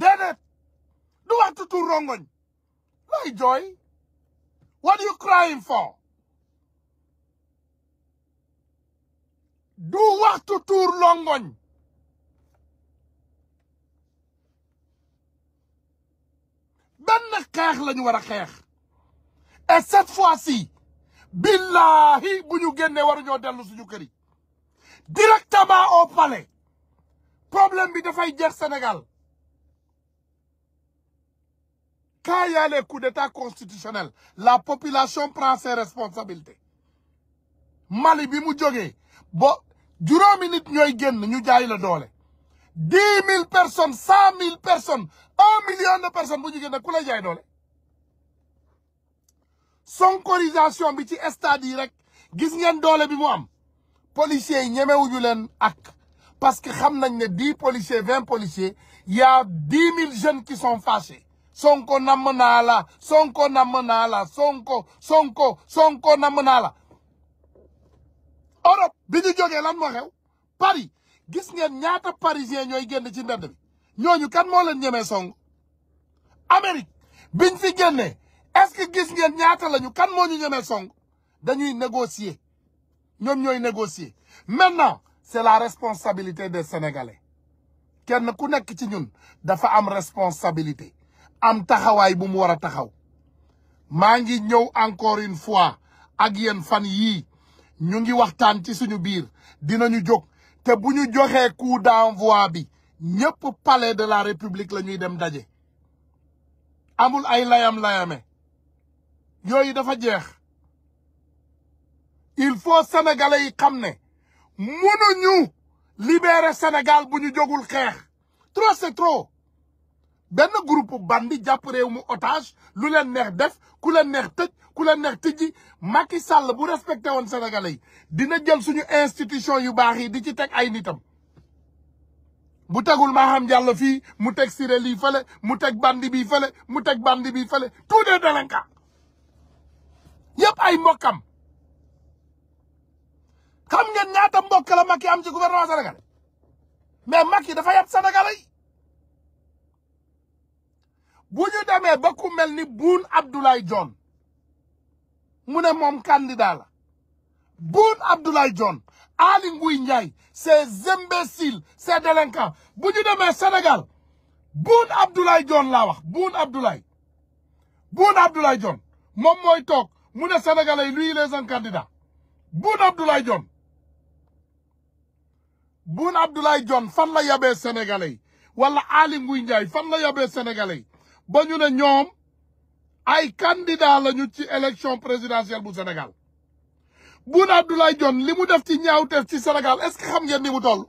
déedéet du waxtu tuur rongoñ lay jooy what you crying for du waxtu tuur rongoñ benn xeex lañu war a xeex et cette fois-ci billahi bu ñu génnee waruñoo dellu suñu kër yi directement au palais problème bi dafay jeex Sénégal quand il y a les coups d'État constitutionnels la population prend ses responsabilités Mali bi mu jógee ba juróomi nit ñooy génn ñu jaay la doole dix mille personnes cent mille personnes un million de personnes bu ñu génn ku lay jaay doole sonkorisation bi ci stade yi rek gis ngeen doole bi mu am policiers yi ñemewuñu leen ak parce que xam nañ ne dix policiers vingt policiers y a dix mille jeunes qui sont fâchés sonko namm naa la sonko namm naa la sonko sonko sonko namm naa la Europe bi ñu jógee lan moo Paris gis ngeen ñaata parisien ñooy génn ci ndedd ñooñu kan moo leen ñemee song Amérique biñ fi génnee est-ce que gis ngeen ñaata lañu kan moo ñu ñemee song dañuy négocier ñoom ñooy négocier maintenant c'est la responsabilité de Sénégalais kenn ku nekk ci ñun dafa am responsabilité am taxawaay bu mu war a taxaw maa ngi ñëw encore une fois ak yéen fan yii ñu ngi waxtaan ci suñu biir dinañu jóg te bu ñu joxee coup d'envoi bi ñëpp pale de la république la ñuy dem daje amul ay layam-layame yooyu dafa jeex il faut sénégalais yi xam ne mën a ñu libérer senegal bu ñu jógul xeex trop c'est trop benn groupe bandi jàpp réew mu otage lu leen neex def ku leen neex tëj ku leen neex tëjji Macky sàll bu respecté woon Sénégalais yi dina jël suñu institution yu baax yi di ci teg ay nitam bu tegul Maham jàll fii mu teg Siré lii fële mu teg bandi bi fële mu teg bandi bi fële tous des délinquants ay mbokkam xam ngeen ñaata mbokk la Macky am ci gouvernement Sénégal mais Macky dafa yab Sénégalais yi bu ñu demee mel ni Boun Abdoulaye Dionne mu ne moom candidat la Boun Abdoulaye Dionne Aly Ngouille Ndiaye ces imbéciles ces délinquants bu ñu demee Sénégal Boun Abdoulaye Dionne laa wax Boun Abdoulaye Boun Abdoulaye Dionne mu ne Sénégalais lui il est un candidat Boun Abdoulaye Dionne Boun fan la yabee Sénégalais yi wala Aly Ndiaye fan la yabee Sénégalais ba ñu ne ñoom ay candidat lañu ci élection présidentielle bu Sénégal Boun Abdallah Dionne li mu def ci ñaaw ñaawteef ci senegal est-ce que xam ngeen ni mu toll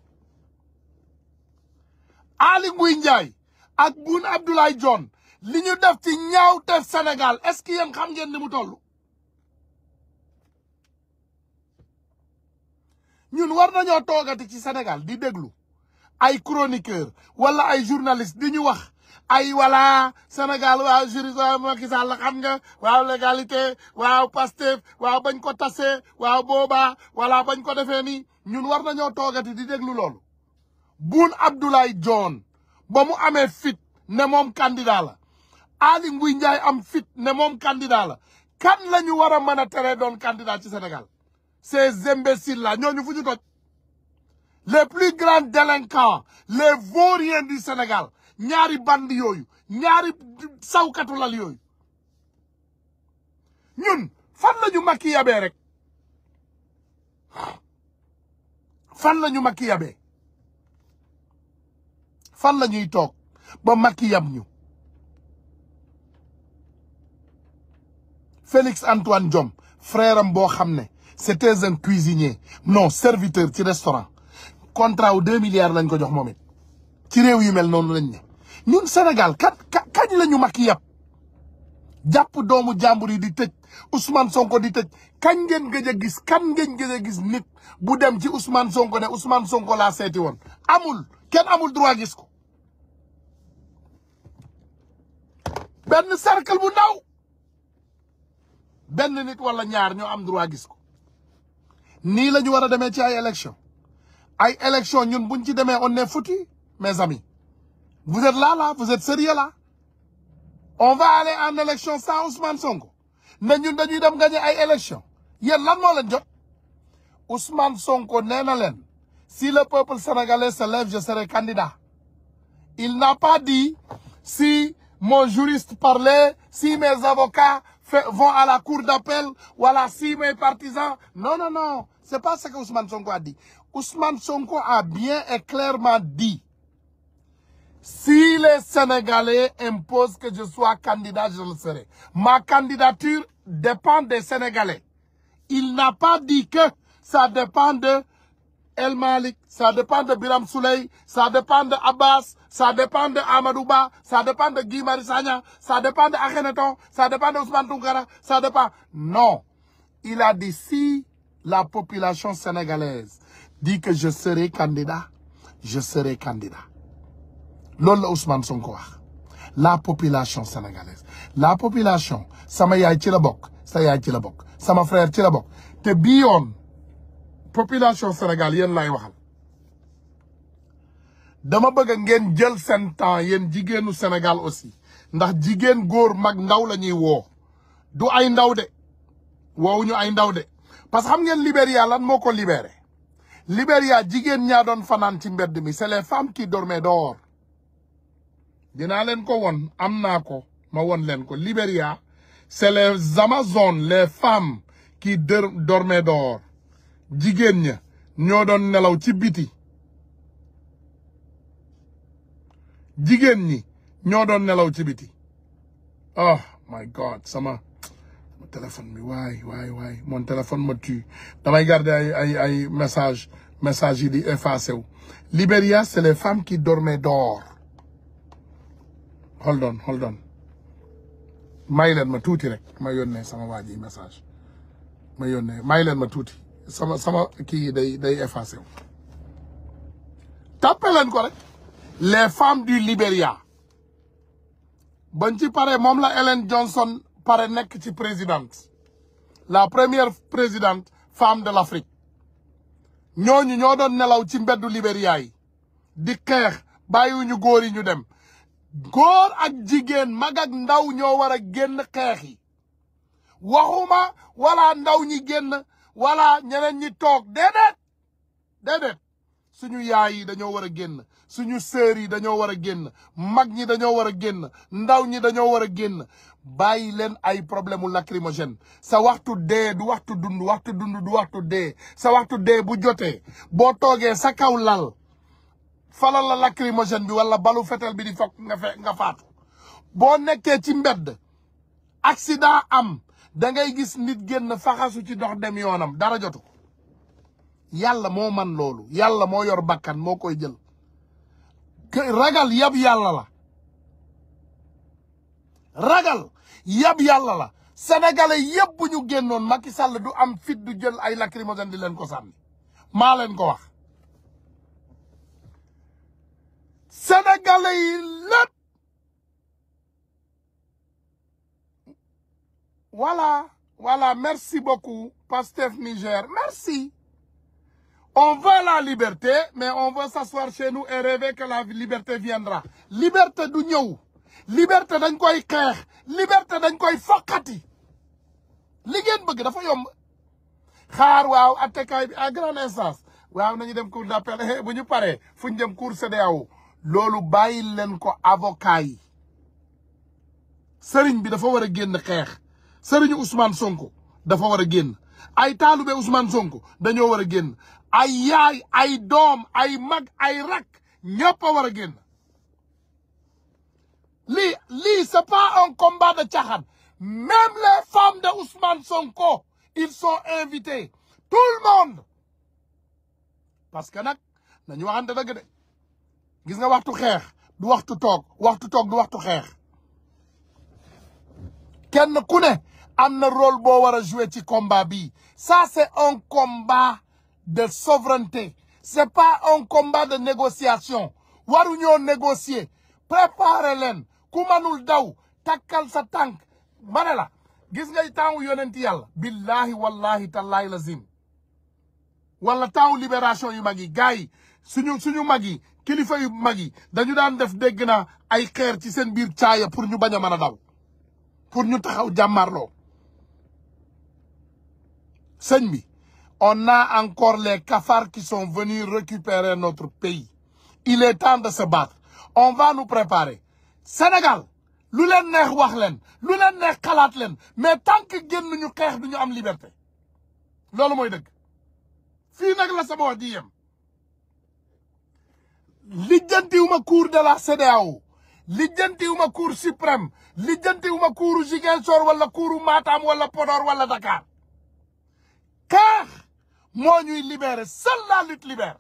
Aly Ngouille Ndiaye ak Boun Abdallah Dionne li ñu def ci ñaaw Sénégal senegal ce que yéen xam ngeen ni mu toll ñun war nañoo toogati ci senegal di déglu ay chroniqueur wala ay journaliste di ñu wax ay voilà Sénégal waaw jurisprudence Macky la xam nga waaw légalité waaw Pastef waaw bañ ko tasee waaw boobaa voilà bañ ko defee nii ñun war nañoo toogati di déglu loolu Boun Abdoulaye Dionne ba mu amee fit ne moom candidat la Aly Ngouille Ndiaye am fit ne moom candidat la kan la ñu war a mën a teree doon candidat ci Sénégal ces imbéciles ñooñu fu ñu toj les plus grands délinquants les vauriens du Sénégal ñaari band yooyu ñaari sawkatu lal yooyu ñun fan la ñu makki yabee rek fan la ñu makki yabee fan la ñuy toog ba makki yam ñu Félix Antoine Diome frère am boo xam ne c'était un cuisinier non serviteur ci restaurant contra wu deux milliards lañ ko jox moom ci réew yu mel noonu lañ ne ñun senegal kat kañ la ñu mag yàpp jàpp doomu jàmbur yi di tëj Ousmane Sonko di tëj kañ ngeen gëj gis kan ngeen gëj a gis nit bu dem ci Ousmane Sonko ne Ousmane Sonko laa seeti woon amul kenn amul droit gis ko benn cercle bu ndaw benn nit wala ñaar ñu am droit gis ko nii la war a demee ci ay élection ay élection ñun buñ ci demee on est foutu mes Vous êtes la là, vous êtes sérieux là. On va aller en élection sans Ousmane Sonko. ne ñun dañuy dem gagner ay élection yéen lan moo jo jot Sonko nee na leen si le peuple sénégalais se lève je serai candidat il n'a pas dit si mon juriste parlait si mes avocats vont à la cour d'appel voilà si mes partisans non non non c'est pas ce que Ousmane Sonko a dit Ousmane Sonko a bien et clairement dit Si les Sénégalais imposent que je sois candidat, je le serai. Ma candidature dépend des Sénégalais. Il n'a pas dit que ça dépend de El Malik, ça dépend de Biram Souley, ça dépend de Abbas, ça dépend de Amadouba, ça dépend de Guy ça dépend de ça dépend de Ousmane Tounkara, ça dépend. Non. Il a dit si la population sénégalaise dit que je serai candidat, je serai candidat. loolu la Ousmane Sonko wax la population sénégalaise la population sama yaay ci la bokk sa yaay ci la bokk sama frère ci la bokk te bii yoon population Sénégal yéen lay waxal dama bëgg ngeen jël seen temps yéen jigéenu Sénégal aussi ndax jigéen góor mag ndaw la ñuy woo du ay ndaw de woowuñu ay ndaw de parce que xam ngeen Libéria lan moo ko libéré Libéria jigéen ñaa doon fanaan ci mbedd mi c'est les kii qui dormaient dinaa leen ko won am naa ko ma won leen ko Libéria c'est les le les femmes qui dormaient dehors jigéen ña ñoo doon nelaw ci biti jigéen ñi ñoo doon nelaw ci biti oh my god sama téléphone bi waay waay waay mon téléphone ma tue damay garder ay message message yi di effacé wu Libéria c'est les femmes qui dormaient hold on hold on may leen ma tuuti rek may yónnee sama waa ji message may yónnee may leen ma tuuti sama sama kii day day effacé wu. leen ko rek les femmes du Libéria bañ ci pare moom la Ellen Johnson pare nekk ci présidente la première présidente femme de l'Afrique ñooñu ñoo doon nelaw ci mbeddu Libéria yi di xeex bàyyiwuñu góor yi ñu dem. góor ak jigéen mag ak ndaw ñoo war a génn xeex yi waxuma wala ndaw ñi génn wala ñeneen ñi toog déedéet déedéet suñu yaay yi dañoo war a génn suñu sœur yi dañoo war a génn mag ñi dañoo war a génn ndaw ñi dañoo war a génn bàyyi leen ay problème mu lacrymogène sa waxtu dee du waxtu dund waxtu dund du waxtu dee sa waxtu dee bu jotee boo toogee sa kaw lal falal la lacrymogène bi wala balu fetel bi di fokk nga faatu boo nekkee ci mbedd accident am dangay gis nit génn faxasu ci dox dem yoonam dara jotu ko yàlla moo man loolu yàlla moo yor bakkan moo koy jël ragal yab yàlla la ragal yab yàlla la sénégalais yëpp bu ñu génnoon Macky Sall du am fit du jël ay lacrymogène di leen ko sànni maa leen ko wax sénégalais yi lépp voilà voilà merci beaucoup Pastef Niger merci on veut la liberté mais on veut s'asseoir chez nous et rêver que la liberté viendra liberté du ñëw liberté dañ koy xeex liberté dañ koy foqati li ngeen bëgg dafa yomb xaar waaw attekaay bi à grande instance waaw nañu dem cour d'appel bu ñu pare fu ñu jëm cour CEDEAO loolu bàyyil leen ko avocat yi sëriñ bi dafa war a génn xeex sëriñu Ousmane Sonko dafa war a génn ay taalube Ousmane Sonko dañoo war a génn ay yaay ay doom ay mag ay rak ñëpp war a génn lii lii c'est pas un combat de caaxaan même les femmes de Ousmane Sonko ils sont invités tout le monde parce que nag nañu waxante dëgg de gis nga waxtu xeex du waxtu toog waxtu toog du waxtu xeex kenn ku ne am na rol boo war a jouer ci combat bi ça c'est un combat de souveraineté c'est pas un combat de négociation waruñoo négocier préparer leen ku manul daw takkal sa tànk ma la gis nga temps yonenti yàlla billahi wallahi tallahi lazim wala temps libération yu mag yi gars yi suñu suñu mag yi kilifa yu mag yi dañu daan def dégg naa ay xeer ci seen biir caaya pour ñu bañ a mën a daw pour ñu taxaw jàmmarloo sëñ bi on na encore les cafards qui sont venus récupérer notre pays il est temps de se on va nu préparer Sénégal lu leen neex wax leen lu leen neex xalaat leen mais tant que génn ñu xeex du ñu am liberté loolu mooy dëgg fii nag la sama wax di lijjantiwuma cour de la CEDEAO lijjantiwuma cour suprême lijjantiwuma couru Ziguinchor wala couru Matam wala Podor wala Dakar car moo ñuy libérer seule la lutte libère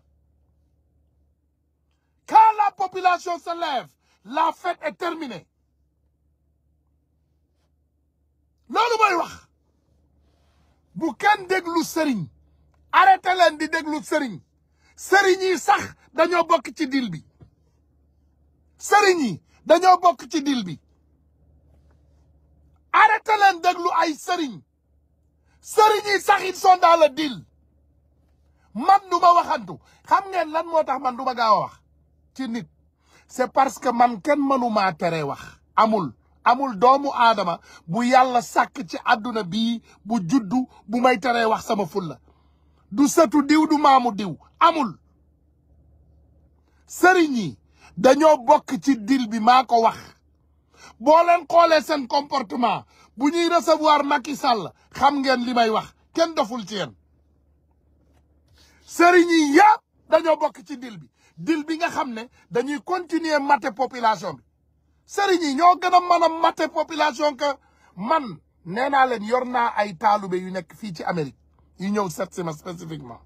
quand la population se lève la fête est terminée loolu mooy wax bu kenn déglu sëriñ arrêté leen di déglu sëriñ sëriñ yi sax dañoo bokk ci deal bi sëriñ dañoo bokk ci dil bi arrêté leen déglu ay sëriñ sëriñ yi sax ils sont dans le man du waxantu xam ngeen lan moo tax man du ma gaaw a wax ci nit c'est parce que man kenn mënumaa tere wax amul amul doomu aadama bu yàlla sàkk ci àdduna bi bu juddu bu may teree wax sama fulla du sëtu diw du maamu diw amul sëriñ yi dañoo bokk ci deal bi maa ko wax boo xoolee seen comportement bu ñuy recevoir Macky Sall xam ngeen li may wax kenn doful ci yéen sëriñ yi yëpp dañoo bokk ci deal bi deal bi nga xam ne dañuy continuer maté population bi sëriñ yi ñoo gën a mën a maté population que man nee naa leen yor naa ay taalibe yu nekk fii ci Amérique yu ñëw seet si ma spécifiquement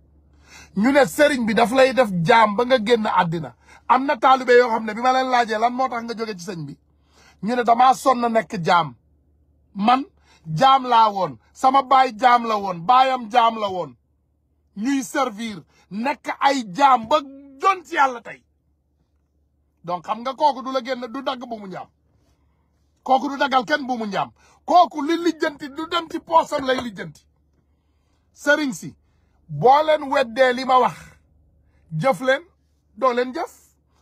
ñu ne sëriñ bi daf lay def jaam ba nga génn àddina am na taalibe yoo xam ne bi ma leen laajee lan moo tax nga jóge ci sëñ bi ñu ne damaa sonn nekk jaam man jaam laa woon sama baay jaam la woon baayam jaam la woon ñuy servir nekk ay jaam ba jon ci yàlla tey donc xam nga kooku du la génn du dagg bu mu kooku du daggal kenn bu mu njaam kooku li lijjanti du dem ci poosam lay lijjanti sëriñ si boo leen weddee li ma wax jëf leen doo leen jëf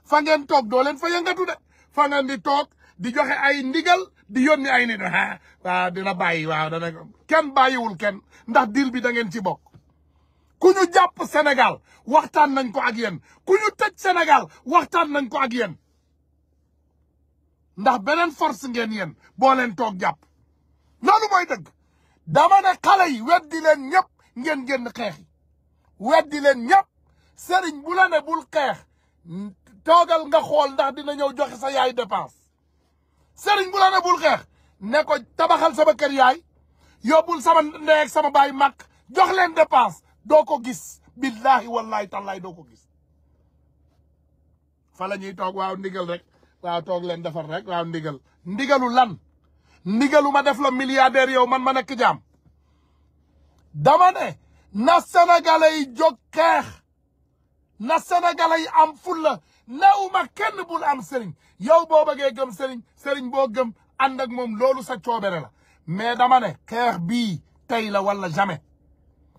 fa ngeen toog doo leen fa yëngatu de fa ngeen di toog di joxe ay ndigal di yónni ay nit ah waaw dina bàyyi waaw dana kenn bàyyiwul kenn ndax dil bi da ngeen ci bokk. ku ñu jàpp senegal waxtaan nañ ko ak yen ku ñu tëj Sénégal waxtaan nañ ko ak yéen ndax beneen force ngeen yéen boo toog jàpp loolu mooy dëgg dama ne xale yi weddi leen ñëpp ngeen génn xeex weddi leen ñëpp sëriñ bu la ne bul xeex toogal nga xool ndax dina ñëw joxe sa yaay dépense sëriñ bu la ne bul xeex ne ko tabaxal sama kër yaay yóbbul sama ndey sama baay màkk jox leen dépense doo ko gis billahi wallahi tallahi doo ko gis fa la ñuy toog waaw ndigal rek waaw toog leen defar rek waaw ndigal ndigalu lan ndigalu ma def la milliardaire yow man ma nekk jaam dama na sénégalais yi jóg xeex na sénégalais yi am fulla néew ma kenn bul am sëriñ yow boo bëggee gëm sëriñ sëriñ boo gëm ànd ak moom loolu sa coobere la mais dama ne xeex bii tey la wala jamais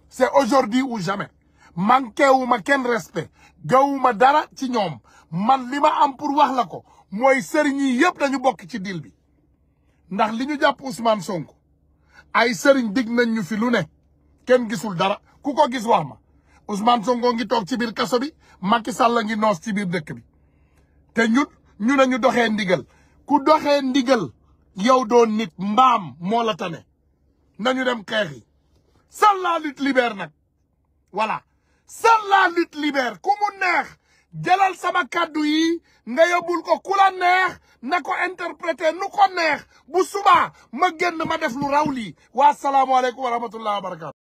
c'est aujourd'hui ou jamais manqué wu kenn respe gawuma dara ci ñoom man li ma am pour wax la ko mooy sëriñ yi yëpp dañu bokk ci dil bi ndax li ñu jàpp Ousmane Sonko ay sëriñ dig nañ ñu fi lu ne kenn gisul dara ku ko gis wax ma Ousmane Sonko ngi toog ci biir kaso bi maki Sall ngi noos ci biir dëkk bi te ñun ñu ne ñu doxee ndigal ku doxee ndigal yow doon nit mbaam moo la tane dem xeex yi seule la lutte libère nag voilà seule la lutte ku mu neex jëlal sama kàddu yi nga yóbbul ko ku la na ko interpréter nu ko neex bu subaa ma génn ma def lu raw lii waa salaamualeykum wa rahmatullah wa barakatu